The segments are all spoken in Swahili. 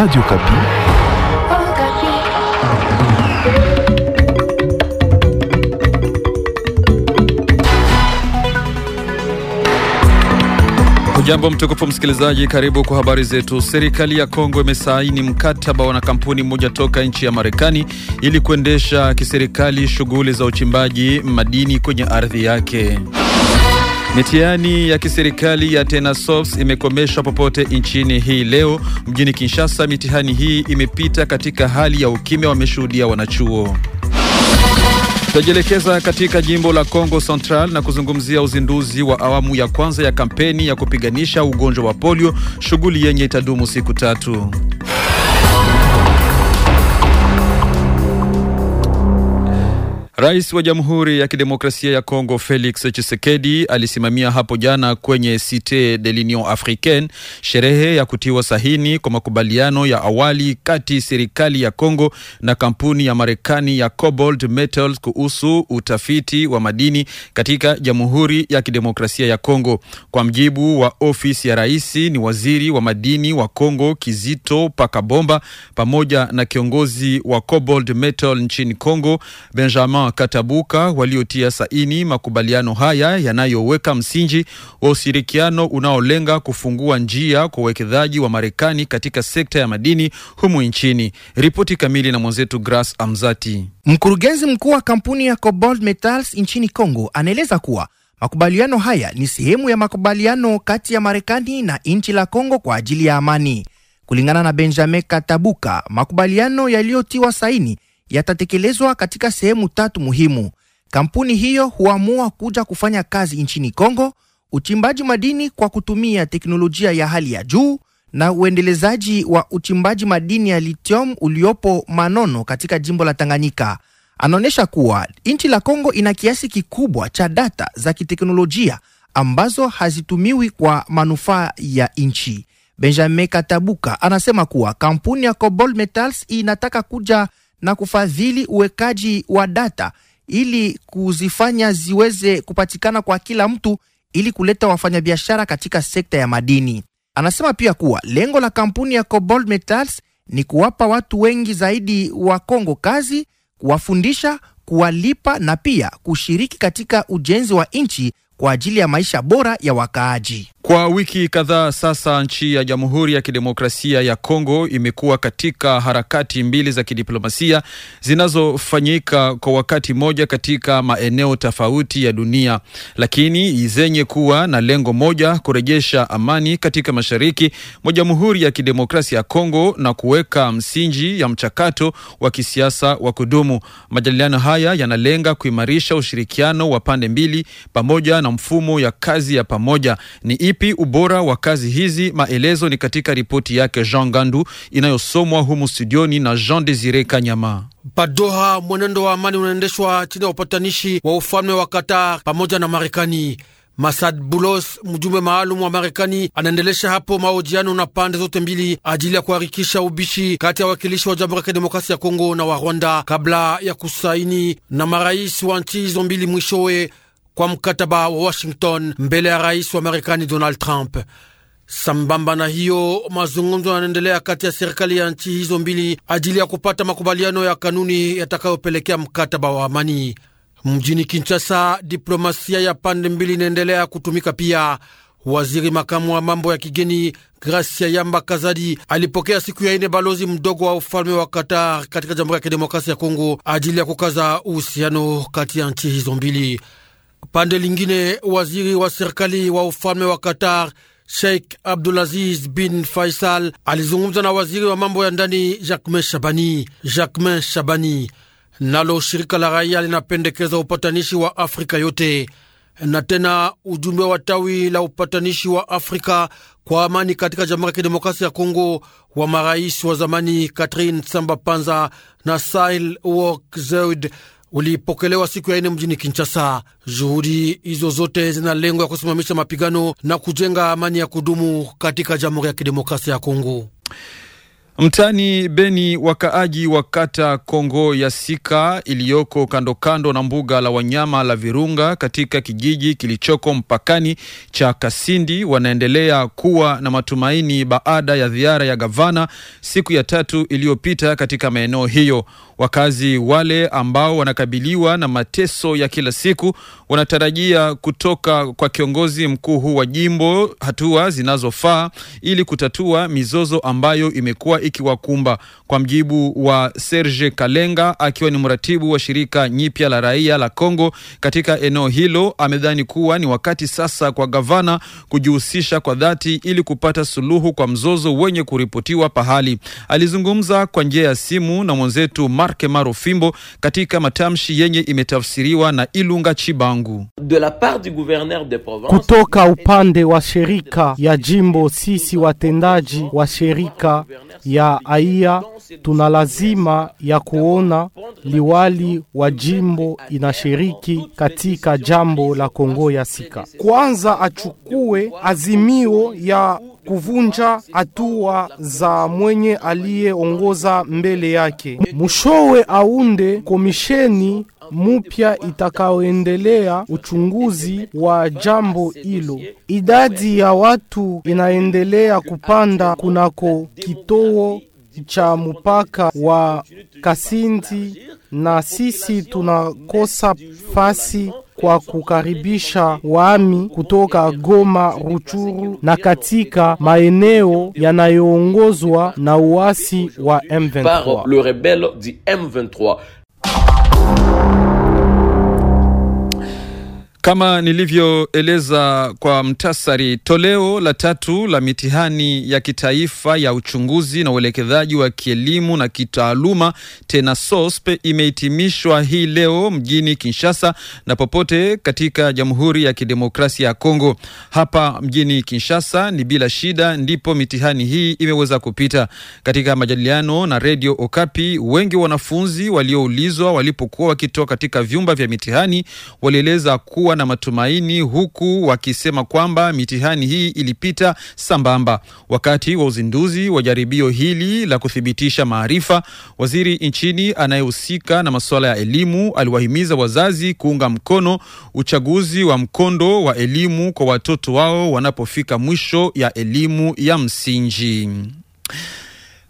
Radio Kapi. Jambo mtukufu msikilizaji, karibu kwa habari zetu. Serikali ya Kongo imesaini mkataba na kampuni moja toka nchi ya Marekani ili kuendesha kiserikali shughuli za uchimbaji madini kwenye ardhi yake. Mitihani ya kiserikali ya TENASOFS imekomeshwa popote nchini hii leo. Mjini Kinshasa, mitihani hii imepita katika hali ya ukimya, wameshuhudia wanachuo. Tutajielekeza katika jimbo la Kongo Central na kuzungumzia uzinduzi wa awamu ya kwanza ya kampeni ya kupiganisha ugonjwa wa polio, shughuli yenye itadumu siku tatu. Rais wa Jamhuri ya Kidemokrasia ya Kongo Felix Tshisekedi alisimamia hapo jana kwenye Cite de l'Union Africaine sherehe ya kutiwa sahini kwa makubaliano ya awali kati serikali ya Kongo na kampuni ya Marekani ya Cobalt Metals kuhusu utafiti wa madini katika Jamhuri ya Kidemokrasia ya Kongo. Kwa mjibu wa ofisi ya rais, ni waziri wa madini wa Kongo Kizito Pakabomba pamoja na kiongozi wa Cobalt Metal nchini Kongo Benjamin katabuka waliotia saini makubaliano haya yanayoweka msingi wa ushirikiano unaolenga kufungua njia kwa uwekezaji wa Marekani katika sekta ya madini humu nchini. Ripoti kamili na mwenzetu Grace Amzati. Mkurugenzi mkuu wa kampuni ya Cobalt Metals nchini Kongo anaeleza kuwa makubaliano haya ni sehemu ya makubaliano kati ya Marekani na nchi la Kongo kwa ajili ya amani. Kulingana na Benjamin Katabuka, makubaliano yaliyotiwa saini yatatekelezwa katika sehemu tatu muhimu. Kampuni hiyo huamua kuja kufanya kazi nchini Kongo, uchimbaji madini kwa kutumia teknolojia ya hali ya juu na uendelezaji wa uchimbaji madini ya lithium uliopo Manono katika jimbo la Tanganyika. Anaonyesha kuwa nchi la Kongo ina kiasi kikubwa cha data za kiteknolojia ambazo hazitumiwi kwa manufaa ya nchi. Benjamin Katabuka anasema kuwa kampuni ya Cobol Metals inataka kuja na kufadhili uwekaji wa data ili kuzifanya ziweze kupatikana kwa kila mtu ili kuleta wafanyabiashara katika sekta ya madini. Anasema pia kuwa lengo la kampuni ya Cobalt Metals ni kuwapa watu wengi zaidi wa Kongo kazi, kuwafundisha, kuwalipa na pia kushiriki katika ujenzi wa nchi kwa ajili ya maisha bora ya wakaaji. Kwa wiki kadhaa sasa nchi ya Jamhuri ya Kidemokrasia ya Kongo imekuwa katika harakati mbili za kidiplomasia zinazofanyika kwa wakati mmoja katika maeneo tofauti ya dunia, lakini zenye kuwa na lengo moja, kurejesha amani katika mashariki mwa Jamhuri ya Kidemokrasia ya Kongo na kuweka msingi ya mchakato wa kisiasa wa kudumu. Majadiliano haya yanalenga kuimarisha ushirikiano wa pande mbili pamoja na mfumo ya kazi ya pamoja. Ni ipi Vipi ubora wa kazi hizi? Maelezo ni katika ripoti yake Jean Gandu inayosomwa humu studioni na Jean Desire Kanyama. Padoha, mwenendo wa amani unaendeshwa chini ya upatanishi wa ufalme wa Qatar pamoja na Marekani. Masad Bulos, mjumbe maalum wa Marekani, anaendelesha hapo mahojiano na pande zote mbili ajili ya kuharikisha ubishi kati ya wakilishi wa Jamhuri ya Demokrasia ya Kongo na wa Rwanda kabla ya kusaini na marais wa nchi hizo mbili mwishowe kwa mkataba wa Washington mbele ya rais wa Marekani Donald Trump. Sambamba na hiyo, mazungumzo yanaendelea kati ya serikali ya nchi hizo mbili ajili ya kupata makubaliano ya kanuni yatakayopelekea mkataba wa amani. Mjini Kinshasa, diplomasia ya pande mbili inaendelea kutumika pia. Waziri makamu wa mambo ya kigeni Gracia Yamba Kazadi alipokea siku ya ine balozi mdogo wa ufalme wa Qatar katika Jamhuri ya Kidemokrasia ya Kongo ajili ya kukaza uhusiano kati ya nchi hizo mbili. Pande lingine, waziri wa serikali wa ufalme wa Qatar Sheikh Abdulaziz bin Faisal alizungumza na waziri wa mambo ya ndani Jacquemain Shabani. Jacquemain Shabani, nalo shirika la raia linapendekeza upatanishi wa Afrika yote na tena ujumbe wa tawi la upatanishi wa Afrika kwa amani katika Jamhuri ya Kidemokrasia ya Kongo wa marais wa zamani Catherine Samba Panza na Sahle Work Zewde ulipokelewa siku ya ine mjini Kinshasa. Juhudi hizo zote zina lengo ya kusimamisha mapigano na kujenga amani ya kudumu katika Jamhuri ya Kidemokrasia ya Kongo. Mtaani Beni, wakaaji wa kata Kongo ya Sika iliyoko kando kando na mbuga la wanyama la Virunga katika kijiji kilichoko mpakani cha Kasindi wanaendelea kuwa na matumaini baada ya ziara ya gavana siku ya tatu iliyopita katika maeneo hiyo. Wakazi wale ambao wanakabiliwa na mateso ya kila siku wanatarajia kutoka kwa kiongozi mkuu wa jimbo hatua zinazofaa ili kutatua mizozo ambayo imekuwa ikiwakumba. Kwa mjibu wa Serge Kalenga, akiwa ni mratibu wa shirika nyipya la raia la Kongo katika eneo hilo, amedhani kuwa ni wakati sasa kwa gavana kujihusisha kwa dhati ili kupata suluhu kwa mzozo wenye kuripotiwa pahali. Alizungumza kwa njia ya simu na mwenzetu Marke Marofimbo katika matamshi yenye imetafsiriwa na Ilunga Chibangu. Kutoka upande wa shirika ya jimbo, sisi watendaji wa shirika ya aia, tuna lazima ya kuona liwali wa jimbo inashiriki katika jambo la Kongo ya sika. Kwanza achukue azimio ya kuvunja hatua za mwenye aliyeongoza mbele yake, mushowe aunde komisheni mupya itakaoendelea uchunguzi wa jambo hilo. Idadi ya watu inaendelea kupanda kunako kituo cha mpaka wa Kasindi, na sisi tunakosa fasi kwa kukaribisha wami kutoka Goma, Ruchuru na katika maeneo yanayoongozwa na uasi wa M23. Kama nilivyoeleza kwa mtasari, toleo la tatu la mitihani ya kitaifa ya uchunguzi na uelekezaji wa kielimu na kitaaluma SOSP imehitimishwa hii leo mjini Kinshasa na popote katika Jamhuri ya Kidemokrasia ya Kongo. Hapa mjini Kinshasa ni bila shida ndipo mitihani hii imeweza kupita. Katika majadiliano na Radio Okapi, wengi wanafunzi walioulizwa walipokuwa wakitoka katika vyumba vya mitihani walieleza kuwa kuwa na matumaini, huku wakisema kwamba mitihani hii ilipita sambamba. Wakati wa uzinduzi wa jaribio hili la kuthibitisha maarifa, waziri nchini anayehusika na masuala ya elimu aliwahimiza wazazi kuunga mkono uchaguzi wa mkondo wa elimu kwa watoto wao wanapofika mwisho ya elimu ya msingi.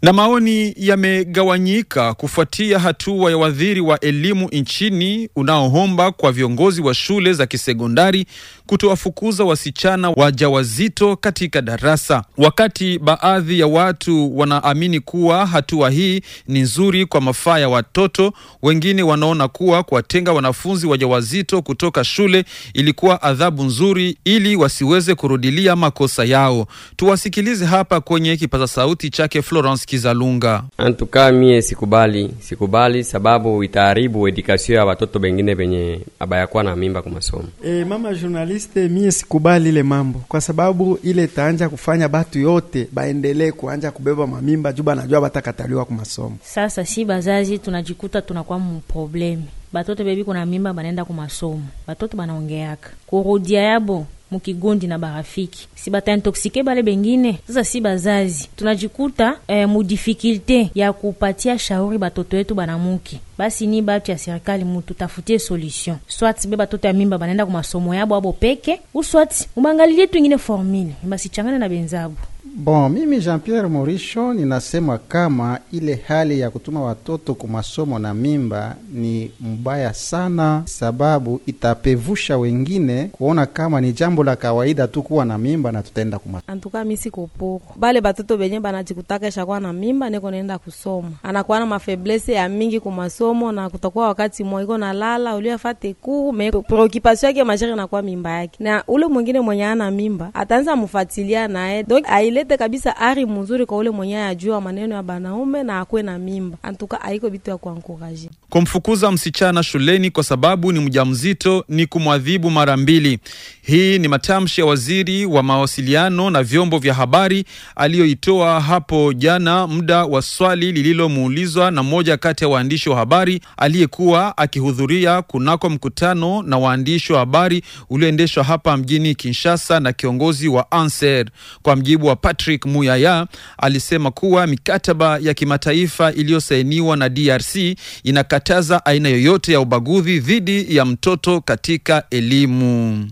Na maoni yamegawanyika kufuatia hatua ya waziri wa elimu nchini unaoomba kwa viongozi wa shule za kisekondari kutowafukuza wasichana wajawazito katika darasa, wakati baadhi ya watu wanaamini kuwa hatua hii ni nzuri kwa mafaa ya watoto. Wengine wanaona kuwa kuwatenga wanafunzi wajawazito kutoka shule ilikuwa adhabu nzuri ili wasiweze kurudilia makosa yao. Tuwasikilize hapa kwenye kipaza sauti chake Florence Sikiza Lunga. Antuka mie sikubali, sikubali sababu itaharibu edikasio ya watoto bengine benye abayakuwa na mimba kumasomo. E, eh, mama journaliste, mie sikubali ile mambo kwa sababu ile itaanja kufanya batu yote baendelee kuanja kubeba mamimba juu banajua batakataliwa masomo Sasa si bazazi tunajikuta tunakuwa muprobleme batoto bebi kuna mimba banaenda kumasomo, batoto banaongeaka kurudia yabo mukigundi na barafiki si bataintoksike bale bengine. Sasa si bazazi tunajikuta eh, mudifikilte ya kupatia shauri batoto yetu banamuke basi ni batu ya serikali mututafutie solution swati be batoto ya mimba banaenda ku masomo yabo abo peke uswati mubangalie tu ingine formule basichangane na benzabu. Bon, mimi Jean Pierre Morisho ninasema kama ile hali ya kutuma watoto ku masomo na mimba ni mbaya sana, sababu itapevusha wengine kuona kama ni jambo la kawaida tu kuwa na mimba bana tutenda kuma antuka misi kopoko bale batoto benye banajikutakesha kwa na mimba neko nenda kusoma, anakuwa na mafeblese ya mingi kumasomo, na kutakuwa wakati iko na lala uliafate ku me preokipasio yake mashere kwa mimba yake, na ule mwingine mwenye ana mimba ataanza mufatilia naye, donc ailete kabisa ari mzuri kwa ule mwenye ajua maneno ya banaume na akuwe na mimba. Antuka aiko bitu ya kuankuraje. Kumfukuza msichana shuleni kwa sababu ni mjamzito ni kumwadhibu mara mbili. Hii ni matamshi ya waziri wa mawasiliano na vyombo vya habari aliyoitoa hapo jana muda wa swali lililomuulizwa na mmoja kati ya waandishi wa habari aliyekuwa akihudhuria kunako mkutano na waandishi wa habari ulioendeshwa hapa mjini Kinshasa na kiongozi wa Anser. Kwa mjibu wa Patrick Muyaya, alisema kuwa mikataba ya kimataifa iliyosainiwa na DRC inakataza aina yoyote ya ubaguzi dhidi ya mtoto katika elimu.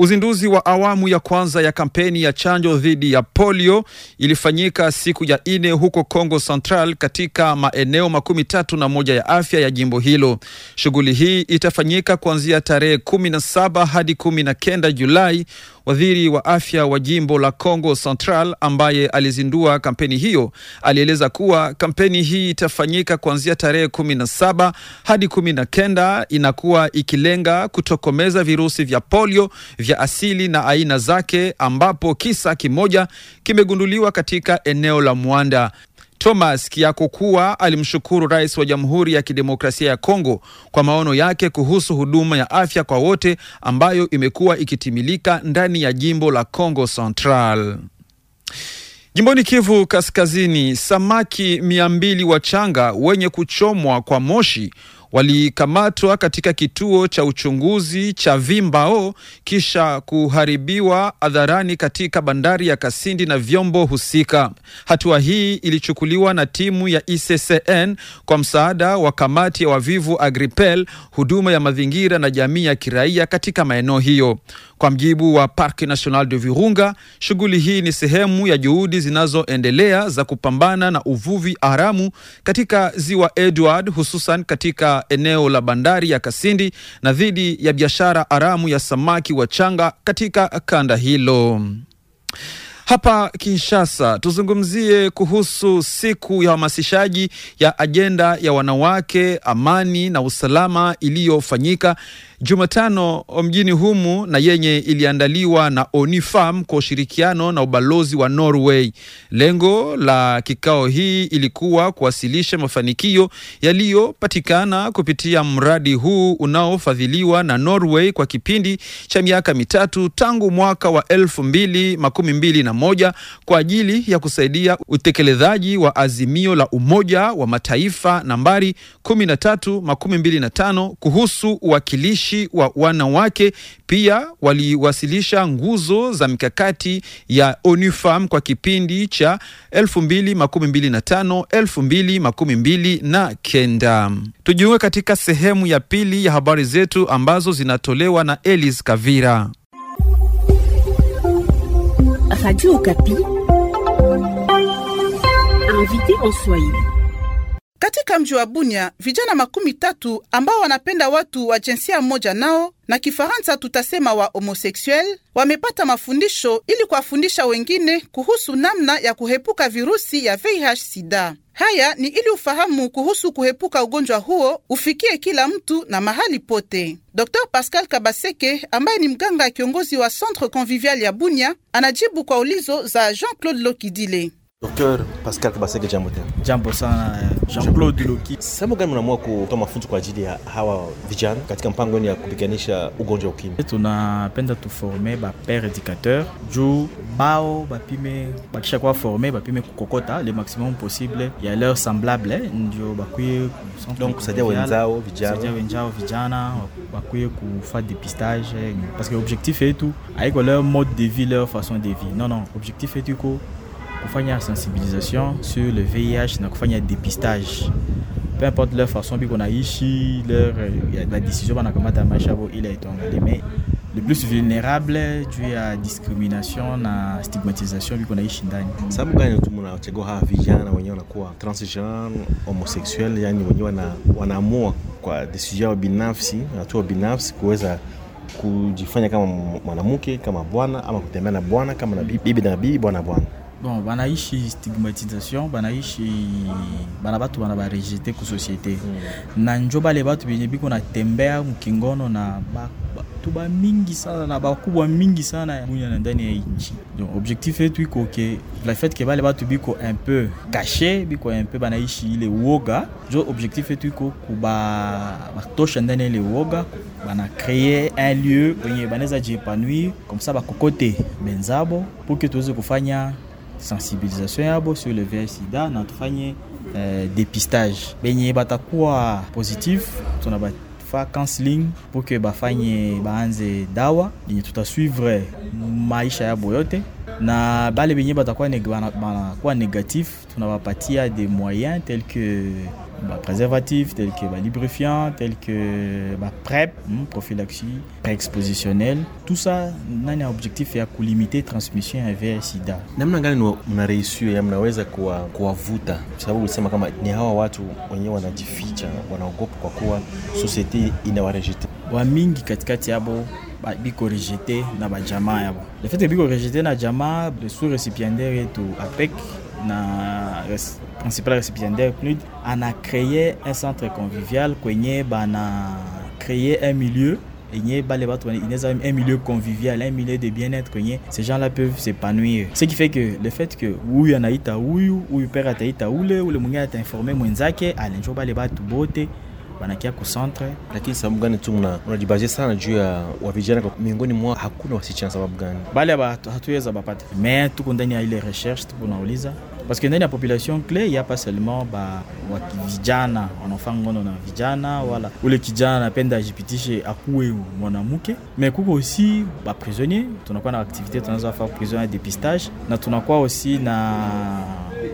Uzinduzi wa awamu ya kwanza ya kampeni ya chanjo dhidi ya polio ilifanyika siku ya nne huko Kongo Central katika maeneo makumi tatu na moja ya afya ya jimbo hilo. Shughuli hii itafanyika kuanzia tarehe kumi na saba hadi kumi na kenda Julai Waziri wa afya wa jimbo la Congo Central ambaye alizindua kampeni hiyo alieleza kuwa kampeni hii itafanyika kuanzia tarehe kumi na saba hadi kumi na kenda inakuwa ikilenga kutokomeza virusi vya polio vya asili na aina zake, ambapo kisa kimoja kimegunduliwa katika eneo la Mwanda. Thomas Kiakokuwa alimshukuru rais wa Jamhuri ya Kidemokrasia ya Kongo kwa maono yake kuhusu huduma ya afya kwa wote ambayo imekuwa ikitimilika ndani ya jimbo la Kongo Central. Jimboni Kivu Kaskazini, samaki mia mbili wachanga wenye kuchomwa kwa moshi walikamatwa katika kituo cha uchunguzi cha Vimbao kisha kuharibiwa hadharani katika bandari ya Kasindi na vyombo husika. Hatua hii ilichukuliwa na timu ya ICCN kwa msaada wa kamati ya wavivu Agripel, huduma ya mazingira na jamii ya kiraia katika maeneo hiyo. Kwa mjibu wa Parc National de Virunga, shughuli hii ni sehemu ya juhudi zinazoendelea za kupambana na uvuvi haramu katika ziwa Edward, hususan katika eneo la bandari ya Kasindi na dhidi ya biashara haramu ya samaki wa changa katika kanda hilo. Hapa Kinshasa tuzungumzie kuhusu siku ya hamasishaji ya ajenda ya wanawake, amani na usalama iliyofanyika Jumatano mjini humu na yenye iliandaliwa na Onifarm kwa ushirikiano na ubalozi wa Norway. Lengo la kikao hii ilikuwa kuwasilisha mafanikio yaliyopatikana kupitia mradi huu unaofadhiliwa na Norway kwa kipindi cha miaka mitatu tangu mwaka wa elfu mbili makumi mbili na moja kwa ajili ya kusaidia utekelezaji wa azimio la Umoja wa Mataifa nambari tano kuhusu uwakilishi wawakilishi wa wanawake pia waliwasilisha nguzo za mikakati ya ONUFAM kwa kipindi cha na kenda Tujiunge katika sehemu ya pili ya habari zetu ambazo zinatolewa na Elis Kavira. Radio Okapi. Invité en Swahili. Katika mji wa Bunya, vijana makumi tatu ambao wanapenda watu wa jinsia moja nao na Kifaransa tutasema wa homoseksuel wamepata mafundisho ili kuwafundisha wengine kuhusu namna ya kuhepuka virusi ya VIH sida. Haya ni ili ufahamu kuhusu kuhepuka ugonjwa huo ufikie kila mtu na mahali pote. Dr Pascal Kabaseke ambaye ni mganga ya kiongozi wa Centre Convivial ya Bunya anajibu kwa ulizo za Jean-Claude Lokidile. Docteur Pascal Kabaseke jambo tena. Jambo sana eh, Jean-Claude Loki. Sehemu gani mnaamua kutoa mafunzo kwa ajili ya hawa vijana katika mpango wenu ya kupiganisha ugonjwa wa ukimwi? Tunapenda tuforme ba père éducateur juu bao bapime bakisha kwa forme bapime kukokota le maximum possible ya leur semblable eh, ndio bakwie donc kusaidia wenzao vijana. Kusaidia wenzao vijana bakwie kufa dépistage eh. parce que objectif yetu haiko leur mode de vie leur façon de vie. Non non, objectif yetu coup kufanya sensibilisation sur le VIH na kufanya dépistage peu importe leur façon puis qu'on a ici leur euh, la décision wanakamata maisha yabo ile itongali mais le plus vulnérable hein. tu ya discrimination na stigmatisation viko naishi ndani. Sababu gani tu mnachagua hawa vijana wenyewe wanakuwa transgender, homosexual, yani wenyewe wanaamua kwa decision yao binafsi, hatua binafsi kuweza kujifanya kama mwanamke kama bwana ama ah, kutembea na bwana kama na bibi na bibi, bwana bwana bon banaishi stigmatisation banaishi bana bato bana barejete kusociété mm. na nzo bale bato benye biko na tembea mkingono na bato mingi sana na bakubwa mingi sana ya bunya na ndani ya inchi donc objectif yetu iko ke la fait ke bale bato biko un peu caché biko un peu banaishi ile woga nzo objectif yetu iko kuba batosha ndani ile woga bana créer un lieu benye baneza jepanui comme ça bakokote benzabo pour que tuweze kufanya sensibilisation yabo sur le VIH sida natufanye eh, dépistage benye batakuwa positive tunabafa counseling pour que bafanye baanze dawa yenye ben, tutasuivre maisha yabo yote na bale benye batakuwa neg banakuwa négatif à des moyens tels que bah, préservatifs tels que bah, lubrifiants, tels que bah, PrEP, hein, prophylaxie expositionnelle Tout ça, un objectif limiter la transmission Nous avons SIDA. Namna on des kuwa kuavuta. Sababu à kama ni hawa society Nous Wa mingi katikati yabo biko rejete na bajamaa Le fait biko rejete na jamaa, le sous-récipiendaire yetu APEC na res, principal récipiendaire PNUD créé un centre convivial on bana créé un milieu un milieu convivial, un milieu de bien-être, ces gens-là peuvent s'épanouir. Ce qui fait que le fait que oui, on a eu ta ou le père a ta ou le, ou le mouillard a informé, mouinzake, allez, je vais aller battre beauté. wanakia kucentre. Lakini sababu gani tu unajibazie sana juu ya wavijana miongoni mwao hakuna wasichana? Sababu gani bale hatuweza bapate? Me tuko ndani ya ile recherche, tuko nauliza parce que ndani ya population clé ya pas seulement ba wa vijana wanafa ngono na vijana, wala ule kijana napenda ajipitishe akuwe mwanamke. Me kuko aussi ba prisonnier, tunakuwa na activité tunaweza faa prison ya dépistage na tunakuwa aussi na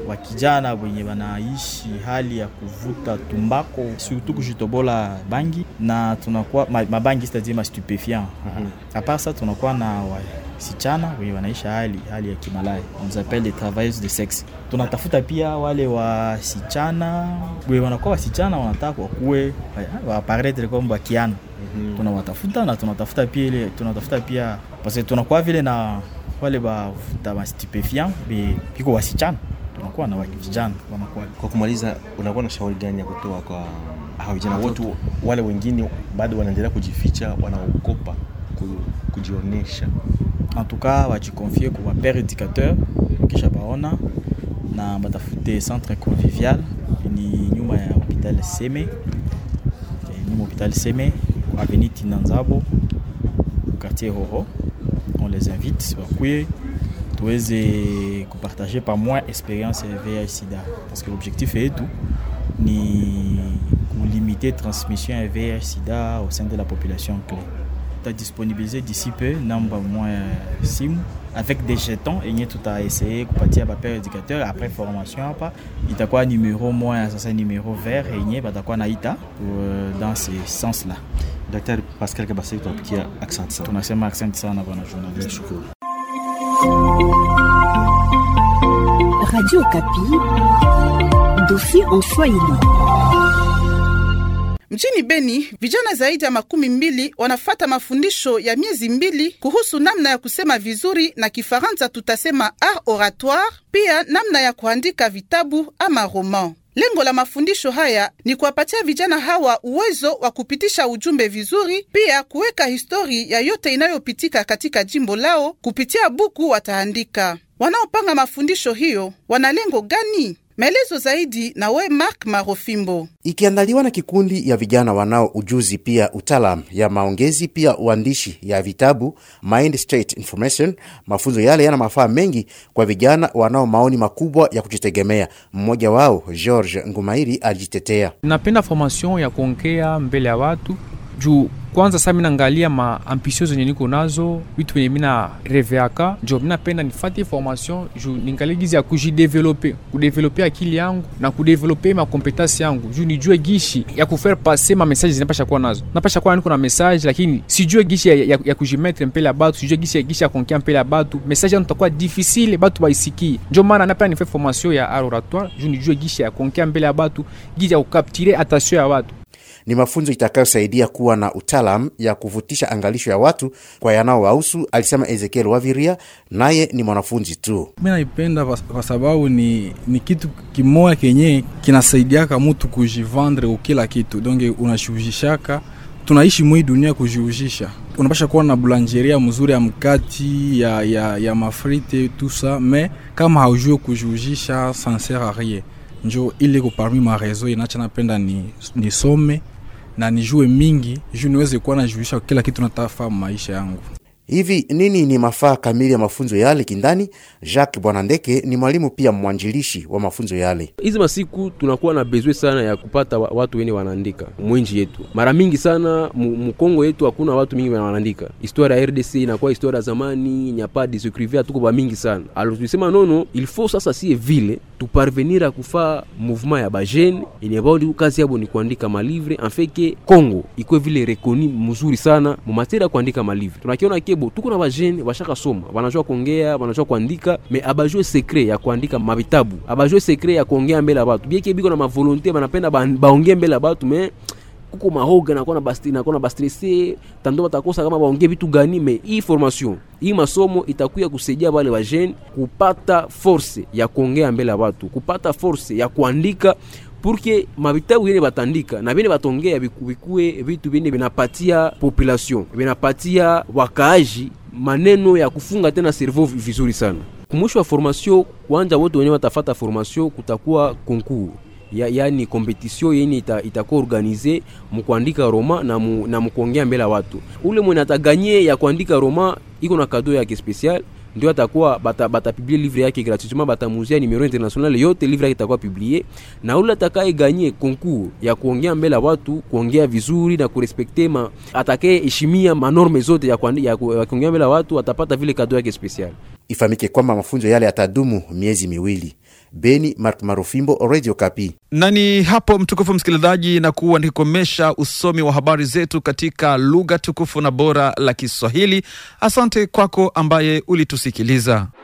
wa kijana wenye wanaishi hali ya kuvuta tumbako surtout kujitobola bangi na tunakuwa mabangi ma à dire ma stupéfiant. mm -hmm. Apart ça tunakuwa na wasichana wenye wanaisha hali hali ya kimalaya on s'appelle les travailleuses de sexe. Tunatafuta pia wale wasichana wenye wanakuwa wasichana wanataka wakuwe eh, waapparaître comme bakiana. mm -hmm. Tunawatafuta na tunatafuta pia ile tunatafuta pia parce que tunakuwa vile na wale bavuta ma stupéfiant biko wasichana wanakuwa na vijana wanakuwa. Kwa kumaliza, unakuwa na shauri gani ya kutoa kwa hao vijana wote wale wengine bado wanaendelea kujificha, wanaogopa kujionesha En tout cas wajikonfie ku wapere educateur, kisha baona na batafute centre convivial ni nyuma ya hopital Seme, eh, nyuma hopital Seme avenue Tinanzabo quartier Roro. On les invite wakuye tuweze partager pamoja experience ya VIH sida, parce que l'objectif est yetu ni limiter transmission ya VIH sida au sein de la population clé. ta disponibilisé d'ici peu namba mwa ya simu avec des jetons et tout yenye tutaessaye kupatia père éducateur après formation hapa itakuwa moins mwa sasa numéro vert et yenye batakuwa naita dans ce sens là Daktari Pascal Kabasai, tutapitia accent sana, tunasema accent sana bwana journalist. beaucoup. Radio Kapi, Dofi en Swahili. Mjini Beni, vijana zaidi ya makumi mbili wanafata mafundisho ya miezi mbili kuhusu namna ya kusema vizuri na Kifaransa tutasema art oratoire, pia namna ya kuandika vitabu ama roman. Lengo la mafundisho haya ni kuwapatia vijana hawa uwezo wa kupitisha ujumbe vizuri, pia kuweka histori ya yote inayopitika katika jimbo lao kupitia buku wataandika. Wanaopanga mafundisho hiyo wana lengo gani? Maelezo zaidi na we Mark Marofimbo. Ikiandaliwa na kikundi ya vijana wanao ujuzi pia utaalam ya maongezi pia uandishi ya vitabu Mind State Information. Mafunzo yale yana mafaa mengi kwa vijana wanao maoni makubwa ya kujitegemea. Mmoja wao George Ngumairi alijitetea, napenda formation ya kuongea mbele ya watu juu kwanza sa saa minaangalia maambisio zenye niko nazo, vitu venye mina reveaka, njo minapenda nifate formation juu ningalie gizi ya kujidevelope, kudevelope akili yangu na kudevelope makompetasi yangu juu nijue gishi ya kufaire pase ma message zinapasha kuwa nazo. Napasha kuwa niko na message, lakini sijue gishi ya, ya, ya kujimetre mbele ya batu, sijue gishi ya, gishi ya konkia mbele ya batu. Message yangu itakuwa difficile batu baisikie, njo maana napenda nifai formation ya oratoire juu nijue gishi ya konkia mbele ya batu, gishi ya kukaptire attention ya batu ni mafunzo itakayosaidia kuwa na utaalam ya kuvutisha angalisho ya watu kwa yanaowahusu, alisema Ezekiel Waviria, naye ni mwanafunzi tu. Mi naipenda kwa sababu ni, ni kitu kimoya kenye kinasaidiaka mutu kujivandre ukila kitu donge unashujishaka tunaishi mwi dunia kujiuzisha, unapasha kuwa na boulangeria mzuri ya mkati ya, ya, ya mafrite tusa me kama haujue kujiuzisha sanserarie njo ili kuparmi marezo ma reseau inacha napenda ni, some na nijue mingi juu niweze kuwa najuisha kila kitu nataka fahamu maisha yangu. Hivi nini ni mafaa kamili ya mafunzo yale kindani? Jacques Bwanandeke ni mwalimu pia mwanjilishi wa mafunzo yale. Hizi masiku tunakuwa na bezwe sana ya kupata watu wenye wanaandika mwinji yetu. Mara mingi sana mkongo yetu hakuna watu mingi wanaandika. Historia ya RDC inakuwa historia ya zamani nyapa disecrivia tuko ba mingi sana. Alors tulisema nono, il faut sasa sie vile tuparvenir a kufaa mouvement ya bajene yenye bao kazi yabo ni kuandika malivre enfeke Congo ikwe vile rekoni mzuri sana mu materia kuandika malivre. Tunakiona ke paske bo tuko na bajene bashakasoma banajua kuongea banajua kuandika me abajue sekre ya kuandika mabitabu abajue sekre ya kuongea mbele ya batu bieke biko na mavolonte banapenda baongee mbele ya batu me kuko mahoga nakuwa na bastrese tando batakosa kama baongee vitu gani me hii formation hii masomo itakuya kusaidia bale bajene kupata force ya kuongea mbele ya batu kupata force ya kuandika purke mabitabu yene batandika na bene batongea bikuwe vitu bine binapatia population binapatia wakaaji maneno ya kufunga tena servo vizuri sana. Kumwisho wa formasio kwanja, wote wenye watafata formasio kutakuwa konkur ya, yani kompetisio yeni ita, itakuwa organize mukuandika roma na, mu, na mukuongea mbele ya watu. Ule mwenye ataganye ya kuandika roma iko na kado yake special ndio atakuwa bata, publier livre yake gratuitement, batamuzia numero international yote livre yake itakuwa publier na ule atakaye gagner concours ya kuongea mbele watu, kuongea vizuri na kurespekte ma atakaye heshimia manorme zote ya, kuandia, ya kuongea mbele watu atapata vile kado yake special. Ifahamike kwamba mafunzo yale yatadumu miezi miwili. Beni, Mark Marufimbo, Radio Kapi. Na ni hapo mtukufu msikilizaji, na kuwa nikikomesha usomi wa habari zetu katika lugha tukufu na bora la Kiswahili. Asante kwako ambaye ulitusikiliza.